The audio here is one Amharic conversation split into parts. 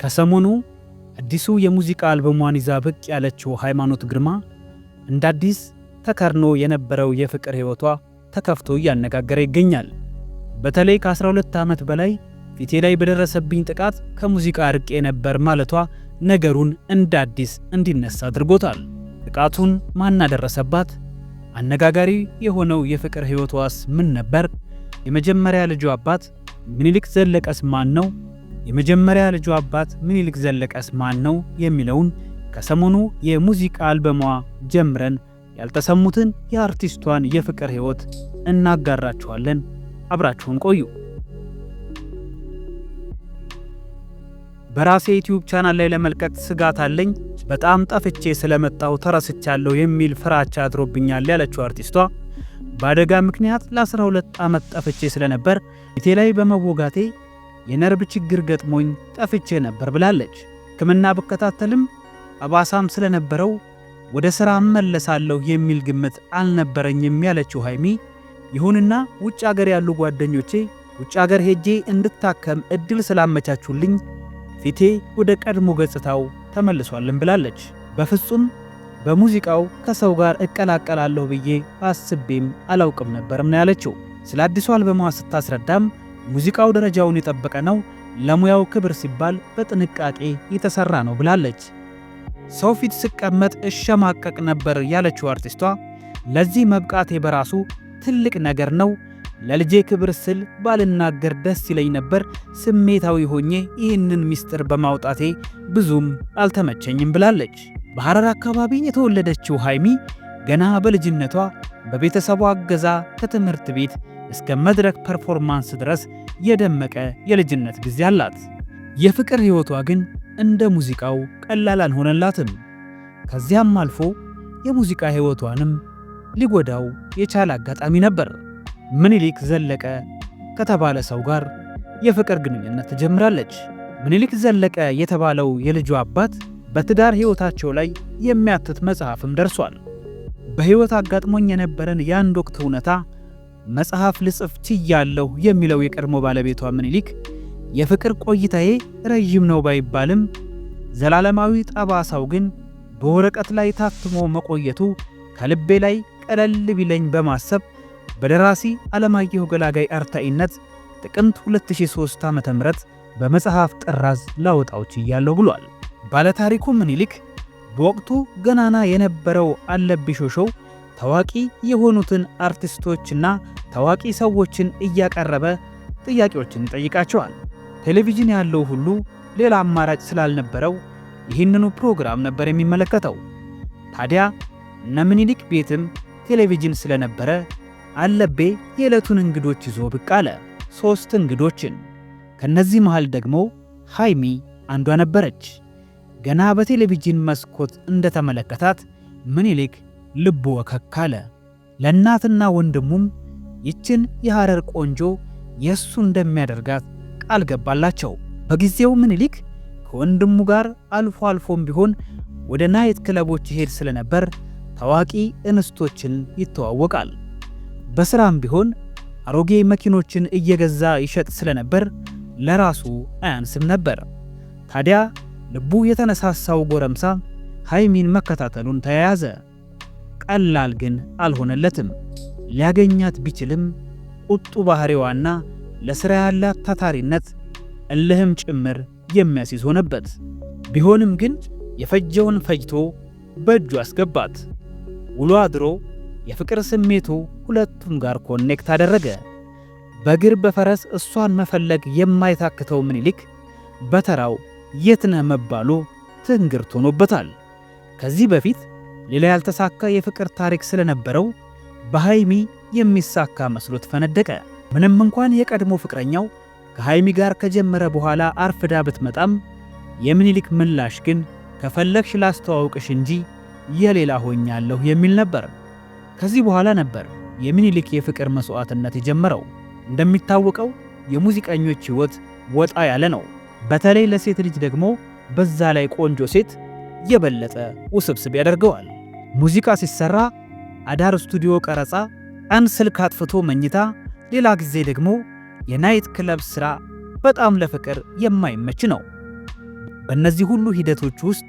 ከሰሞኑ አዲሱ የሙዚቃ አልበሟን ይዛ ብቅ ያለችው ሃይማኖት ግርማ እንደ አዲስ ተከርኖ የነበረው የፍቅር ሕይወቷ ተከፍቶ እያነጋገረ ይገኛል። በተለይ ከ12 ዓመት በላይ ፊቴ ላይ በደረሰብኝ ጥቃት ከሙዚቃ ርቄ ነበር ማለቷ ነገሩን እንደ አዲስ እንዲነሳ አድርጎታል። ጥቃቱን ማን አደረሰባት? አነጋጋሪ የሆነው የፍቅር ሕይወቷስ ምን ነበር? የመጀመሪያ ልጇ አባት ምኒልክ ዘለቀስ ማን ነው? የመጀመሪያ ልጇ አባት ምኒልክ ዘለቀስ ማን ነው የሚለውን ከሰሞኑ የሙዚቃ አልበሟ ጀምረን ያልተሰሙትን የአርቲስቷን የፍቅር ሕይወት እናጋራችኋለን። አብራችሁን ቆዩ። በራሴ ዩቲዩብ ቻናል ላይ ለመልቀቅ ስጋት አለኝ፣ በጣም ጠፍቼ ስለመጣው ተረስቻለሁ የሚል ፍራቻ አድሮብኛል ያለችው አርቲስቷ በአደጋ ምክንያት ለ12 ዓመት ጠፍቼ ስለነበር ቤቴ ላይ በመወጋቴ የነርብ ችግር ገጥሞኝ ጠፍቼ ነበር ብላለች። ሕክምና ብከታተልም አባሳም ስለነበረው ወደ ሥራ እመለሳለሁ የሚል ግምት አልነበረኝም ያለችው ሀይሚ፣ ይሁንና ውጭ አገር ያሉ ጓደኞቼ ውጭ አገር ሄጄ እንድታከም ዕድል ስላመቻቹልኝ ፊቴ ወደ ቀድሞ ገጽታው ተመልሷልን ብላለች። በፍጹም በሙዚቃው ከሰው ጋር እቀላቀላለሁ ብዬ አስቤም አላውቅም ነበርም ነው ያለችው። ስለ አዲሱ አልበሟ ስታስረዳም ሙዚቃው ደረጃውን የጠበቀ ነው፣ ለሙያው ክብር ሲባል በጥንቃቄ የተሰራ ነው ብላለች። ሰው ፊት ስቀመጥ እሸማቀቅ ነበር ያለችው አርቲስቷ ለዚህ መብቃቴ በራሱ ትልቅ ነገር ነው። ለልጄ ክብር ስል ባልናገር ደስ ይለኝ ነበር። ስሜታዊ ሆኜ ይህንን ምስጢር በማውጣቴ ብዙም አልተመቸኝም ብላለች። በሐረር አካባቢ የተወለደችው ሀይሚ ገና በልጅነቷ በቤተሰቧ እገዛ ከትምህርት ቤት እስከ መድረክ ፐርፎርማንስ ድረስ የደመቀ የልጅነት ጊዜ አላት። የፍቅር ሕይወቷ ግን እንደ ሙዚቃው ቀላል አልሆነላትም። ከዚያም አልፎ የሙዚቃ ሕይወቷንም ሊጎዳው የቻለ አጋጣሚ ነበር። ምኒልክ ዘለቀ ከተባለ ሰው ጋር የፍቅር ግንኙነት ትጀምራለች። ምኒልክ ዘለቀ የተባለው የልጁ አባት በትዳር ሕይወታቸው ላይ የሚያትት መጽሐፍም ደርሷል። በሕይወት አጋጥሞኝ የነበረን የአንድ ወቅት እውነታ መጽሐፍ ልጽፍ ችያለሁ የሚለው የቀድሞ ባለቤቷ ምኒልክ የፍቅር ቆይታዬ ረዥም ነው ባይባልም ዘላለማዊ ጠባሳው ግን በወረቀት ላይ ታትሞ መቆየቱ ከልቤ ላይ ቀለል ቢለኝ በማሰብ በደራሲ ዓለማየሁ ገላጋይ አርታኢነት ጥቅምት 2003 ዓ ም በመጽሐፍ ጥራዝ ላወጣው ችያለሁ ብሏል። ባለታሪኩ ምኒልክ በወቅቱ ገናና የነበረው አለብሽ ሾሾው ታዋቂ የሆኑትን አርቲስቶችና ታዋቂ ሰዎችን እያቀረበ ጥያቄዎችን ይጠይቃቸዋል። ቴሌቪዥን ያለው ሁሉ ሌላ አማራጭ ስላልነበረው ይህንኑ ፕሮግራም ነበር የሚመለከተው። ታዲያ እነ ምኒልክ ቤትም ቴሌቪዥን ስለነበረ አለቤ የዕለቱን እንግዶች ይዞ ብቅ አለ። ሦስት እንግዶችን። ከእነዚህ መሃል ደግሞ ሃይሚ አንዷ ነበረች። ገና በቴሌቪዥን መስኮት እንደተመለከታት ምኒልክ ልቡ ወከክ አለ። ለእናትና ወንድሙም ይችን የሐረር ቆንጆ የእሱ እንደሚያደርጋት ቃል ገባላቸው። በጊዜው ምኒልክ ከወንድሙ ጋር አልፎ አልፎም ቢሆን ወደ ናይት ክለቦች ይሄድ ስለነበር ታዋቂ እንስቶችን ይተዋወቃል። በስራም ቢሆን አሮጌ መኪኖችን እየገዛ ይሸጥ ስለነበር ለራሱ አያንስም ነበር። ታዲያ ልቡ የተነሳሳው ጎረምሳ ሃይሚን መከታተሉን ተያያዘ። ቀላል ግን አልሆነለትም። ሊያገኛት ቢችልም ቁጡ ባህሪዋና ለሥራ ያላት ታታሪነት እልህም ጭምር የሚያስይዝ ሆነበት። ቢሆንም ግን የፈጀውን ፈጅቶ በእጁ አስገባት። ውሎ አድሮ የፍቅር ስሜቱ ሁለቱም ጋር ኮኔክት አደረገ። በእግር በፈረስ እሷን መፈለግ የማይታክተው ምኒልክ በተራው የትነ መባሉ ትንግርት ሆኖበታል። ከዚህ በፊት ሌላ ያልተሳካ የፍቅር ታሪክ ስለነበረው በሃይሚ የሚሳካ መስሎት ፈነደቀ። ምንም እንኳን የቀድሞ ፍቅረኛው ከሃይሚ ጋር ከጀመረ በኋላ አርፍዳ ብትመጣም የምኒልክ ምላሽ ግን ከፈለግሽ ላስተዋውቅሽ እንጂ የሌላ ሆኛለሁ የሚል ነበር። ከዚህ በኋላ ነበር የምኒልክ የፍቅር መስዋዕትነት የጀመረው። እንደሚታወቀው የሙዚቀኞች ሕይወት ወጣ ያለ ነው። በተለይ ለሴት ልጅ ደግሞ በዛ ላይ ቆንጆ ሴት የበለጠ ውስብስብ ያደርገዋል። ሙዚቃ ሲሰራ አዳር ስቱዲዮ ቀረጻ፣ ቀን ስልክ አጥፍቶ መኝታ፣ ሌላ ጊዜ ደግሞ የናይት ክለብ ሥራ በጣም ለፍቅር የማይመች ነው። በእነዚህ ሁሉ ሂደቶች ውስጥ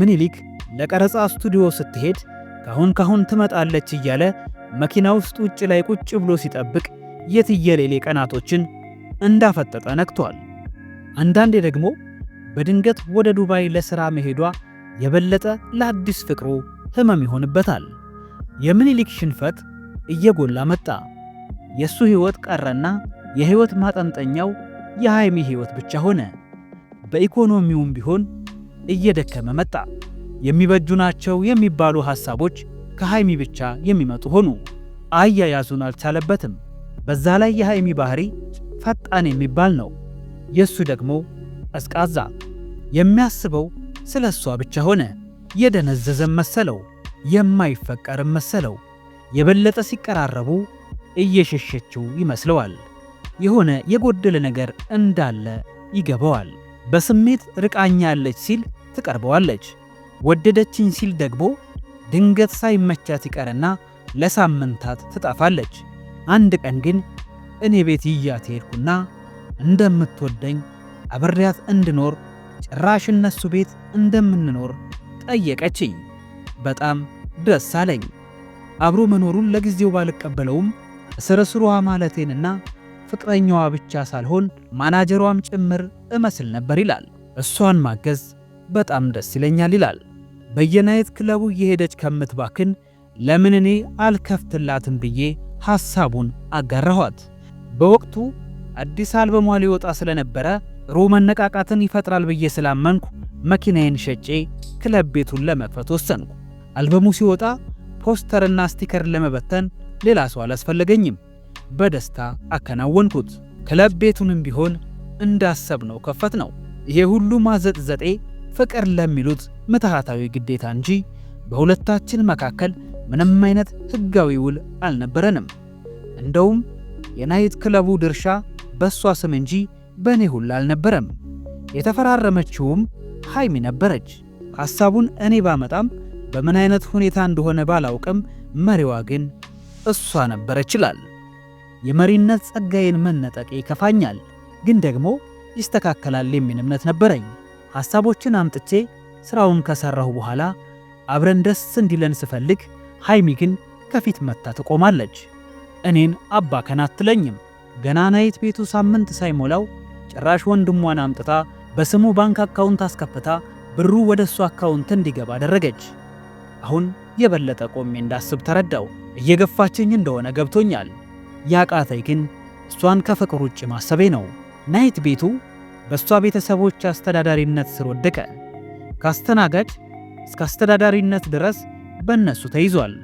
ምኒልክ ለቀረጻ ስቱዲዮ ስትሄድ ካሁን ካሁን ትመጣለች እያለ መኪና ውስጥ ውጭ ላይ ቁጭ ብሎ ሲጠብቅ የትየሌሌ ቀናቶችን እንዳፈጠጠ ነግቷል። አንዳንዴ ደግሞ በድንገት ወደ ዱባይ ለሥራ መሄዷ የበለጠ ለአዲስ ፍቅሩ ሕመም ይሆንበታል። የምኒልክ ሽንፈት እየጎላ መጣ። የእሱ ሕይወት ቀረና የሕይወት ማጠንጠኛው የሃይሚ ሕይወት ብቻ ሆነ። በኢኮኖሚውም ቢሆን እየደከመ መጣ። የሚበጁ ናቸው የሚባሉ ሐሳቦች ከሃይሚ ብቻ የሚመጡ ሆኑ። አያያዙን አልቻለበትም። በዛ ላይ የሃይሚ ባህሪ ፈጣን የሚባል ነው፣ የእሱ ደግሞ ቀዝቃዛ። የሚያስበው ስለ እሷ ብቻ ሆነ። የደነዘዘም መሰለው። የማይፈቀርም መሰለው። የበለጠ ሲቀራረቡ እየሸሸችው ይመስለዋል። የሆነ የጎደለ ነገር እንዳለ ይገባዋል። በስሜት ርቃኛለች ሲል ትቀርበዋለች። ወደደችኝ ሲል ደግሞ ድንገት ሳይመቻት ይቀርና ለሳምንታት ትጠፋለች። አንድ ቀን ግን እኔ ቤት ይዣት ሄድኩና እንደምትወደኝ አብሬያት እንድኖር ጭራሽ እነሱ ቤት እንደምንኖር ጠየቀችኝ። በጣም ደስ አለኝ። አብሮ መኖሩን ለጊዜው ባልቀበለውም ስርስሯ ማለቴንና ፍቅረኛዋ ብቻ ሳልሆን ማናጀሯም ጭምር እመስል ነበር ይላል። እሷን ማገዝ በጣም ደስ ይለኛል ይላል። በየናይት ክለቡ እየሄደች ከምትባክን ለምን እኔ አልከፍትላትም ብዬ ሐሳቡን አጋራኋት። በወቅቱ አዲስ አልበሟ ሊወጣ ስለነበረ ጥሩ መነቃቃትን ይፈጥራል ብዬ ስላመንኩ መኪናዬን ሸጬ ክለብ ቤቱን ለመክፈት ወሰንኩ። አልበሙ ሲወጣ ፖስተርና ስቲከር ለመበተን ሌላ ሰው አላስፈለገኝም። በደስታ አከናወንኩት። ክለብ ቤቱንም ቢሆን እንዳሰብነው ከፈት ነው። ይሄ ሁሉ ማዘጥዘጤ ፍቅር ለሚሉት ምትሃታዊ ግዴታ እንጂ በሁለታችን መካከል ምንም አይነት ህጋዊ ውል አልነበረንም። እንደውም የናይት ክለቡ ድርሻ በእሷ ስም እንጂ በእኔ ሁላ አልነበረም። የተፈራረመችውም ሃይሚ ነበረች። ሐሳቡን እኔ ባመጣም በምን አይነት ሁኔታ እንደሆነ ባላውቅም መሪዋ ግን እሷ ነበር ይችላል። የመሪነት ጸጋዬን መነጠቅ ይከፋኛል፣ ግን ደግሞ ይስተካከላል የሚል እምነት ነበረኝ። ሐሳቦችን አምጥቼ ሥራውን ከሠራሁ በኋላ አብረን ደስ እንዲለን ስፈልግ፣ ሐይሚ ግን ከፊት መታ ትቆማለች። እኔን አባ ከና አትለኝም። ገና ናይት ቤቱ ሳምንት ሳይሞላው ጭራሽ ወንድሟን አምጥታ በስሙ ባንክ አካውንት አስከፍታ ብሩ ወደ እሱ አካውንት እንዲገባ አደረገች። አሁን የበለጠ ቆሜ እንዳስብ ተረዳው። እየገፋችኝ እንደሆነ ገብቶኛል። ያቃተኝ ግን እሷን ከፍቅር ውጭ ማሰቤ ነው። ናይት ቤቱ በእሷ ቤተሰቦች አስተዳዳሪነት ስር ወደቀ። ከአስተናጋጅ እስከ አስተዳዳሪነት ድረስ በእነሱ ተይዟል።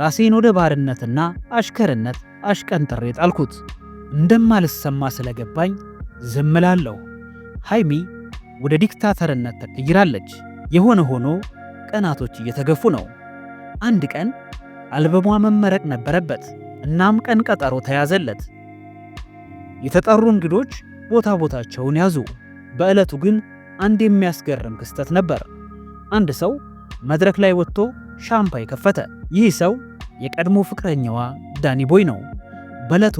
ራሴን ወደ ባርነትና አሽከርነት አሽቀንጥሬ ጣልኩት። እንደማልሰማ ስለገባኝ ዝም ሃይሚ ወደ ዲክታተርነት ተቀይራለች። የሆነ ሆኖ ቀናቶች እየተገፉ ነው። አንድ ቀን አልበሟ መመረቅ ነበረበት። እናም ቀን ቀጠሮ ተያዘለት። የተጠሩ እንግዶች ቦታ ቦታቸውን ያዙ። በዕለቱ ግን አንድ የሚያስገርም ክስተት ነበር። አንድ ሰው መድረክ ላይ ወጥቶ ሻምፓይ ከፈተ። ይህ ሰው የቀድሞ ፍቅረኛዋ ዳኒ ቦይ ነው። በዕለቱ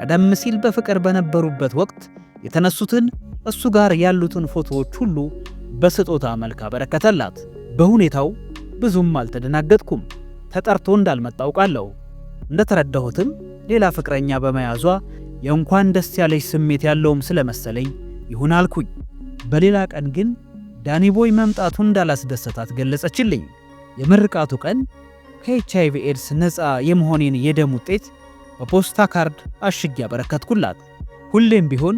ቀደም ሲል በፍቅር በነበሩበት ወቅት የተነሱትን እሱ ጋር ያሉትን ፎቶዎች ሁሉ በስጦታ መልክ አበረከተላት። በሁኔታው ብዙም አልተደናገጥኩም። ተጠርቶ እንዳልመጣ አውቃለሁ። እንደተረዳሁትም ሌላ ፍቅረኛ በመያዟ የእንኳን ደስ ያለች ስሜት ያለውም ስለመሰለኝ ይሁን አልኩኝ። በሌላ ቀን ግን ዳኒቦይ መምጣቱ እንዳላስደሰታት ገለጸችልኝ። የምርቃቱ ቀን ከኤች ኤድስ ነፃ የመሆኔን የደም ውጤት በፖስታ ካርድ አሽግ ያበረከትኩላት። ሁሌም ቢሆን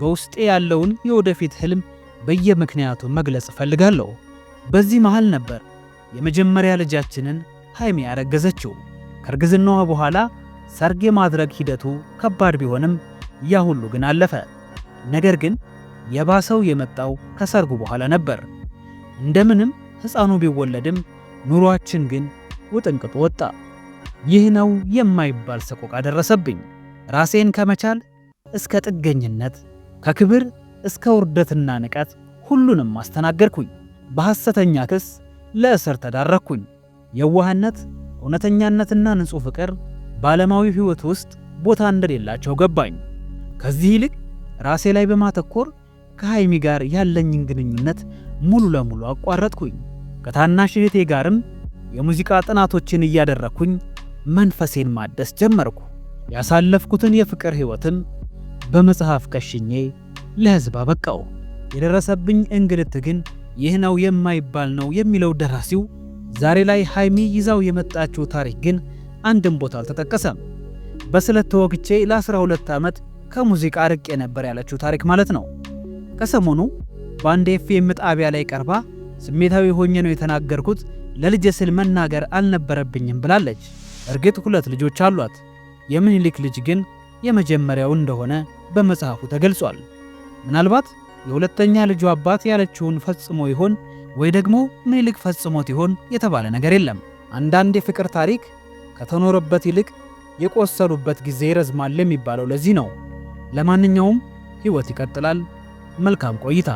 በውስጤ ያለውን የወደፊት ህልም በየምክንያቱ መግለጽ እፈልጋለሁ። በዚህ መሃል ነበር የመጀመሪያ ልጃችንን ሀይሚ ያረገዘችው። ከእርግዝናዋ በኋላ ሰርግ የማድረግ ሂደቱ ከባድ ቢሆንም ያ ሁሉ ግን አለፈ። ነገር ግን የባሰው የመጣው ከሰርጉ በኋላ ነበር። እንደምንም ሕፃኑ ቢወለድም ኑሯችን ግን ውጥንቅጡ ወጣ። ይህ ነው የማይባል ሰቆቃ ደረሰብኝ። ራሴን ከመቻል እስከ ጥገኝነት፣ ከክብር እስከ ውርደትና ንቀት ሁሉንም አስተናገርኩኝ። በሐሰተኛ ክስ ለእስር ተዳረኩኝ። የዋህነት፣ እውነተኛነትና ንጹሕ ፍቅር በዓለማዊ ሕይወት ውስጥ ቦታ እንደሌላቸው ገባኝ። ከዚህ ይልቅ ራሴ ላይ በማተኮር ከሃይሚ ጋር ያለኝን ግንኙነት ሙሉ ለሙሉ አቋረጥኩኝ። ከታናሽ እህቴ ጋርም የሙዚቃ ጥናቶችን እያደረኩኝ መንፈሴን ማደስ ጀመርኩ። ያሳለፍኩትን የፍቅር ሕይወትን በመጽሐፍ ከሽኜ ለሕዝብ አበቃው። የደረሰብኝ እንግልት ግን ይህ ነው የማይባል ነው የሚለው ደራሲው ዛሬ ላይ ሃይሚ ይዛው የመጣችው ታሪክ ግን አንድም ቦታ አልተጠቀሰም። በስለት ተወግቼ ለ12 ዓመት ከሙዚቃ ርቄ ነበር ያለችው ታሪክ ማለት ነው። ከሰሞኑ በአንድ ኤፍኤም ጣቢያ ላይ ቀርባ ስሜታዊ ሆኜ ነው የተናገርኩት፣ ለልጅ ስል መናገር አልነበረብኝም ብላለች። እርግጥ ሁለት ልጆች አሏት። የምኒልክ ልጅ ግን የመጀመሪያው እንደሆነ በመጽሐፉ ተገልጿል። ምናልባት የሁለተኛ ልጁ አባት ያለችውን ፈጽሞ ይሆን ወይ ደግሞ ምኒልክ ፈጽሞት ይሆን የተባለ ነገር የለም። አንዳንድ የፍቅር ታሪክ ከተኖረበት ይልቅ የቆሰሉበት ጊዜ ይረዝማል የሚባለው ለዚህ ነው። ለማንኛውም ሕይወት ይቀጥላል። መልካም ቆይታ